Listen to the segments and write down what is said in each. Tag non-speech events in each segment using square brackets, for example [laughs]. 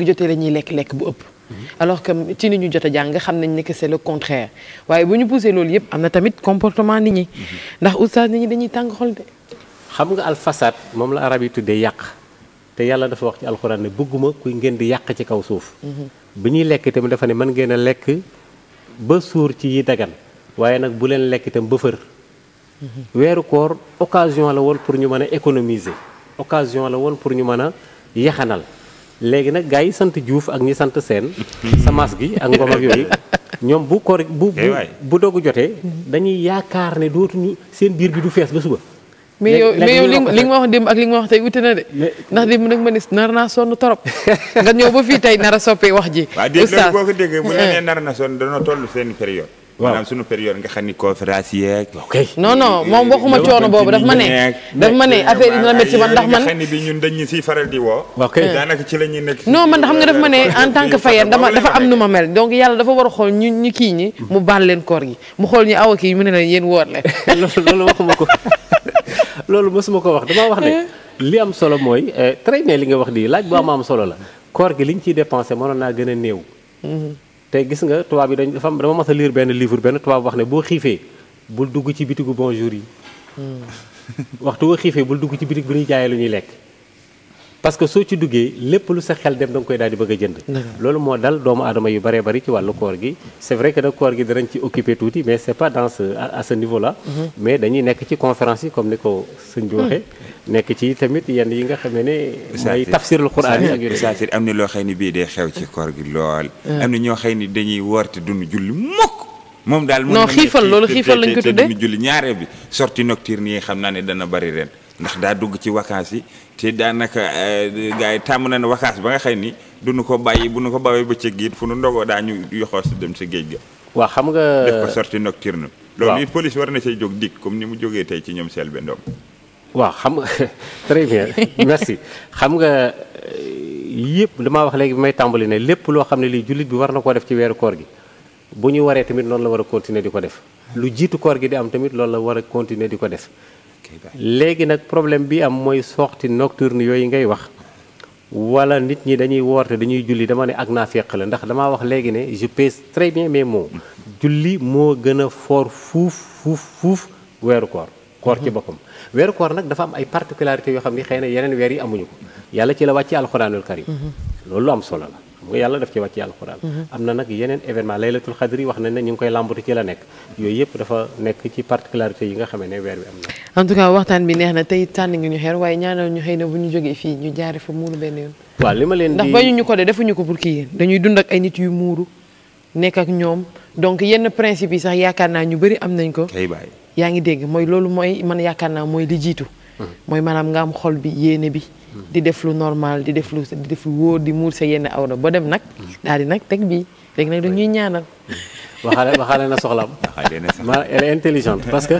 gi jotee la ñuy lekk lekk bu ëpp. alors que ci ni ñu jot a jàng xam nañ ne que c'est le contraire waaye bu ñu poussé loolu yëpp am na tamit comportement nit ñi. ndax oustaz nit ñi dañuy tàng xol de. xam nga alfasad moom la arab yi tuddee yàq te yàlla dafa wax ci alxuraan ne bëgguma kuy ngeen di yàq ci kaw suuf. Mhm. bu ñuy lekk itam dafa ne mën ngeen a lekk ba suur ci yi dagan waaye nag bu leen lekk itam ba fër. Mhm. weeru koor occasion la woon pour ñu mën a économiser occasion la woon pour ñu mën a yaxanal. léegi nag gaa yi sant Diouf ak ñi sant Sène Samaas gi ak Ngom yooyu ñoom bu koor bu eh bu dogu jotee dañuy yaakaar ne dootuñu seen biir bi du fees ba suba mais yow mais yow ma wax démb ak li nga ma wax tey wute na de ndax démb nag ma nar naa sonn torop [laughs] nga ñëw ba fii tey nar a soppee wax ji. oustaz waaw déedéet boo mu ne eh. na sonn dana toll seen période. waaw maanaam suñu période nga xam ni conférence yeeg. ok non non moom waxuma coono boobu daf ma ne. daf ma ne affaire yi dina métti man ndax man. nga xam ni bi dañ ñu siy faral di ok eh. daanaka ci man xam nga daf ma ne [laughs] en tant que fayen dama dafa am nu ma mel donc yàlla dafa war a xool ñu ñu kii ñi. mu baal leen koor gi mu xool ñu awa kii mu ne leen yéen woor leen. [laughs] loolu waxuma ko [laughs] loolu mosuma ko wax damaa wax ne li am solo mooy eh, très bien li nga wax di laaj bu am am solo la koor gi liñ ciy dépensé mënoon naa gën a néew mm-hmm. te gis nga tubaab yi dañ dafa dama mas a lire benn livre benn tubaab wax ne boo xiifee bul dugg ci bitigu bonjour yi hmm. waxtu boo xiifee bul dugg ci bitig bi ñuy jaayee lu ñuy lekk parce que soo ci duggee lépp lu sa xel dem da koy daal di bëgg a jënd loolu moo dal doomu aadama yu bëree bëri ci wàllu koor gi c'est vrai que nag koor gi danañ ci occupé tuuti mais c'est pas dans ce à ce niveau là mm-hmm. mais dañuy nekk ci conférence yi comme ni ko sëñ bi mm-hmm. nekk ci tamit yenn yi nga xamee ne mooy tafsirul quraan yi ak yooyu cest à am na loo xëy ni bii dee xew ci koor gi lool mm. am na ñoo xëy ni dañuy te dund julli mukk moom daal non xiifal loolu xiifal lañ ko tuddee dund julli ñaareel bi sortie nocturne yi xam naa ne dana bëri ren ndax daa dugg ci vacances yi te daanaka eh, gars yi tàmm na ne vacances ba nga xëy nii du nu ko bàyyi bu nu ko bawee bëccëg gi fu nu ndogoo daa ñu yoxoo dem si géej ga. waa xam nga def ko sortie nocturne. waaw loolu it police war na see jóg dikk comme ni mu jógee tey ci ñoom Selbé Ndom. waaw xam nga [laughs] très bien [laughs] merci xam nga eh, yëpp damaa wax léegi bi may tàmbali ne lépp loo xam ne lii jullit bi war na koo def ci weeru koor gi bu ñu waree tamit noonu la war a continuer di ko def lu jiitu koor gi di am tamit loolu la war a continuer di ko def léegi nag problème bi am mooy sortie nocturne yooyu ngay wax wala nit ñi dañuy woorte dañuy julli dama ne ak naa féq la ndax damaa wax léegi ne je pèse très bien mes mots julli moo gën a fort fuuf fuuf fuuf weeru koor koor ci boppam weeru koor nag dafa am ay particularités yoo xam ni xëy na yeneen weer yi amuñu ko yàlla ci la wàcce alxuraanul karim mhm. loolu am solo la nga yàlla daf ci wàcc alxuraan am na nag yeneen événement laylatul xadri wax nañ ne ñu ngi koy làmbatu ci la nekk yooyu yëpp dafa nekk ci particularité yi nga xamee ne weer bi am na en tout cas ñu ñu xëy na bu ñu ko pour kii dañuy dund ak ay nit yu muuru nekk ak ñoom donc yenn principe yi sax yaakaar naa ñu bëri am nañ ko yaa ngi dégg mooy loolu mooy man yaakaar naa mooy li jiitu hmm. mooy maanaam nga am xol bi yéene bi di def lu normal di def lu di def lu wóor di muur sa yenn awra ba dem nag mm. daal di nag teg bii léegi nag dañuy ñaanal mm. waxaale waxaale na soxlaam. waxaale na soxlaam elle est intelligente parce que.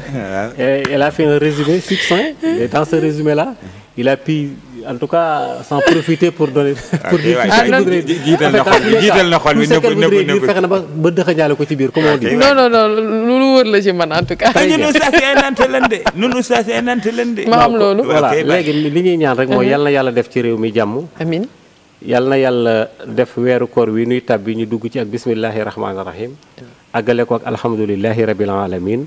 elle a fait un résumé succinct et dans ce résumé là il a pu en tout cas s'en profiter pour donner. pour dire na xol bi jiital na xol na ba ba dëxëñaale ko ci biir comme on dit. non non non loolu wër la ci man en tout cas. ñun ustaas yi ay nante lan de ñun ustaas yi ay nante lan de. ma am loolu voilà léegi li ñaan rek mooy yal na yàlla def ci réew mi jàmm. yal na yàlla def weeru koor wi nuy tàbbi ñu dugg ci ak bismillahi rahmaani rahim àggale ko ak alhamdulilahi rabil alamin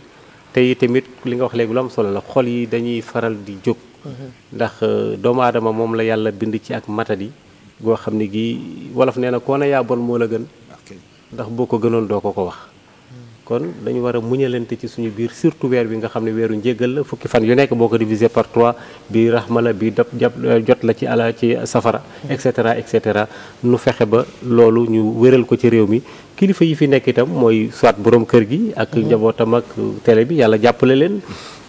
te yi tamit li nga wax léegi lu am solo la xol yi dañuy faral di jóg ndax euh, doomu aadama moom la yàlla bind ci ak matadi goo xam ne gi wolof nee na koo ne yaa bon moo la gën ndax boo ko gënoon doo ko ko wax kon dañu war a muñalante ci suñu biir surtout weer bi nga xam ne weeru njéggal la fukki fan yu nekk boo ko divisé par 3 bi raxma la bi dab euh, jot la ci ala ci safara et cetera et cetera nu fexe ba loolu ñu wéral ko ci réew mi kilifa yi fi nekk itam mooy soit borom kër gi ak mhm. njabootam ak télé bi yàlla jàppale leen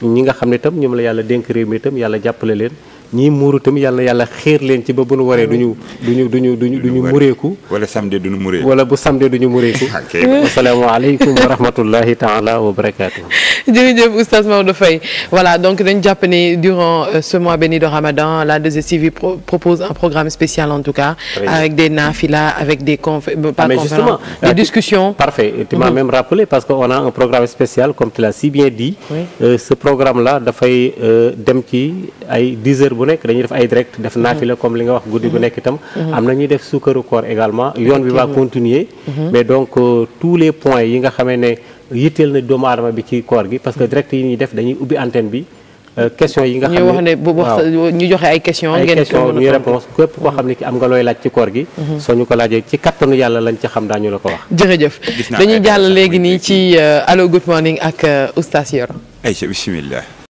ñi nga xam ne itam ñoom la yàlla dénk réew mi itam yàlla jàppale leen ñii muuru tamit yàlla yàlla xéer leen ci ba bu nu waree duñu duñu duñu duñu duñu mureeku wala samedi duñu mureeku wala bu samedi duñu mureeku [laughs] asalaamaaleykum wa rahmatullahi taala wa barakaatu jërëjëf oustaz Maodo Faye voilà durant euh, ce mois béni de Ramadan la 2STV propose un programme spécial en tout cas avec des nafila avec des conf euh, ah, euh, parfait mhm. a un programme spécial comme tu l'as si bien dit ce programme là dafay dem ci ay 10 heures bu nekk dañuy def ay direct def naafila comme li nga wax guddi gu nekk itam mhm. am na ñuy def suukaru koor également yoon bi va continuer mhm. mais donc euh, tous les points yi nga xamee ne yitteel na doomu aadama bi ci koor gi parce que mhm. direct yi ñuy def dañuy ubbi antenne bi euh, question yi nga xam ne ñu wax ne ñu joxe ay question ngeen question ñu réponse xam ne ki am nga looy laaj ci koor gi soo ñu ko laajee ci kattanu yàlla lañ ci xam daañu la ko wax jërëjëf dañuy jàll